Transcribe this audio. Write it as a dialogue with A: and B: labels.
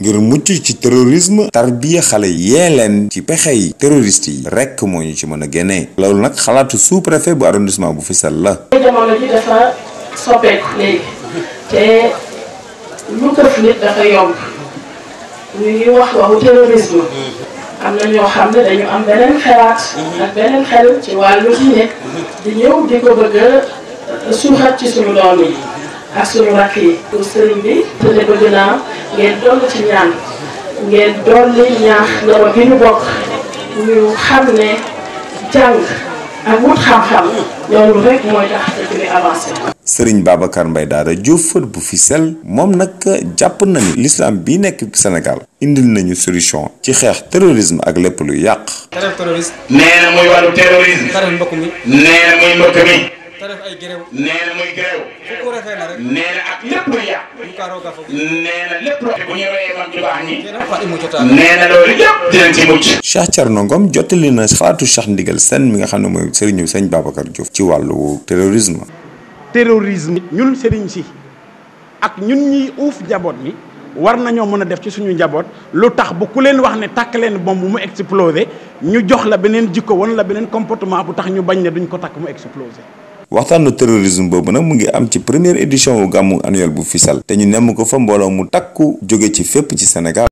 A: ngir mucc ci terrorisme tarbiya xale yee leen ci yi terroriste yi rek moo ñu ci mën a génnee loolu nag xalaatu sous préfet bu arrondissement bu Fissel la
B: jamono ji dafa soppeeku léegi te lu këf nit dafa yomb ñu ngi wax waxu terrorisme am na ñoo xam ne dañu am beneen xelaat ak beneen xel ci wàllu diine di ñëw di ko bëgg a suuxat ci suñu doom yi ak suñu rakk yi pour sëriñ bi te ne bëgg naa ngeen dolli ci ñaan ngeen dolli ñaax njaboot gi ñu bokk ñu xam ne jàng ak wut xam-xam loolu rek mooy tax
A: Sëriñ Babacar mbay Daara Diouf fët bu fi sel moom nag jàpp nañu l'islam bi nekk Sénégal indil nañu solution ci xeex terrorisme ak lépp lu yàq.
C: yàq. nee na lépp bu ñu royee
A: mag ju jottali na xalaatu Cheikh Ndigal Sène mi nga xam ne mooy sëriñu sëñ Babacar Diouf ci wàllu terrorisme.
C: terrorisme ñun sëriñ si ak ñun ñuy uuf njaboot bi war nañoo mën a def ci suñu njaboot lu tax bu ku leen wax ne tàkk leen bomb mu explosé ñu jox la beneen jikko wan la beneen comportement bu tax ñu bañ ne duñ ko takk mu explosé.
A: waxtaan waxtaanu terrorisme boobu nag mu ngi am ci première édition wu gàmmu annuel bu Fissel te ñu nemm ko fa mbooloo mu takku jóge ci fépp ci Sénégal